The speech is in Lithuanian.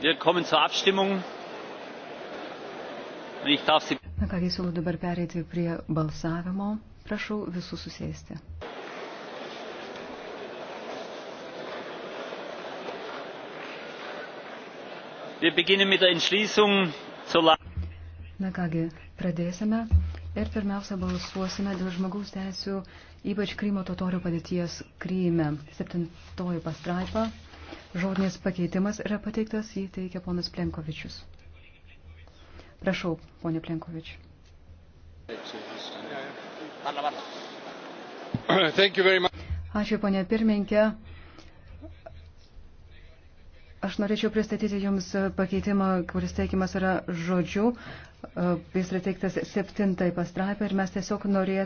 Wir kommen zur Abstimmung. Ich darf Sie. Na kągi, siūlau dabar perėti prie balsavimo. Prašau visus susėsti. Wir beginnen mit der Entschließung zur Na kągi, pradėsime ir pirmiausia balsuosime dėl žmogaus teisų, ypač Krymo totorių padėties Kryme. Septintoji pastraipa. Žodinis pakeitimas yra pateiktas, jį teikia ponas Plenkovičius. Prašau, ponė Plenkovič. Ačiū, ponė pirmininkė. Aš norėčiau pristatyti Jums pakeitimą, kuris teikimas yra žodžiu. Jis yra teiktas septintai pastraipą ir mes tiesiog norėtume.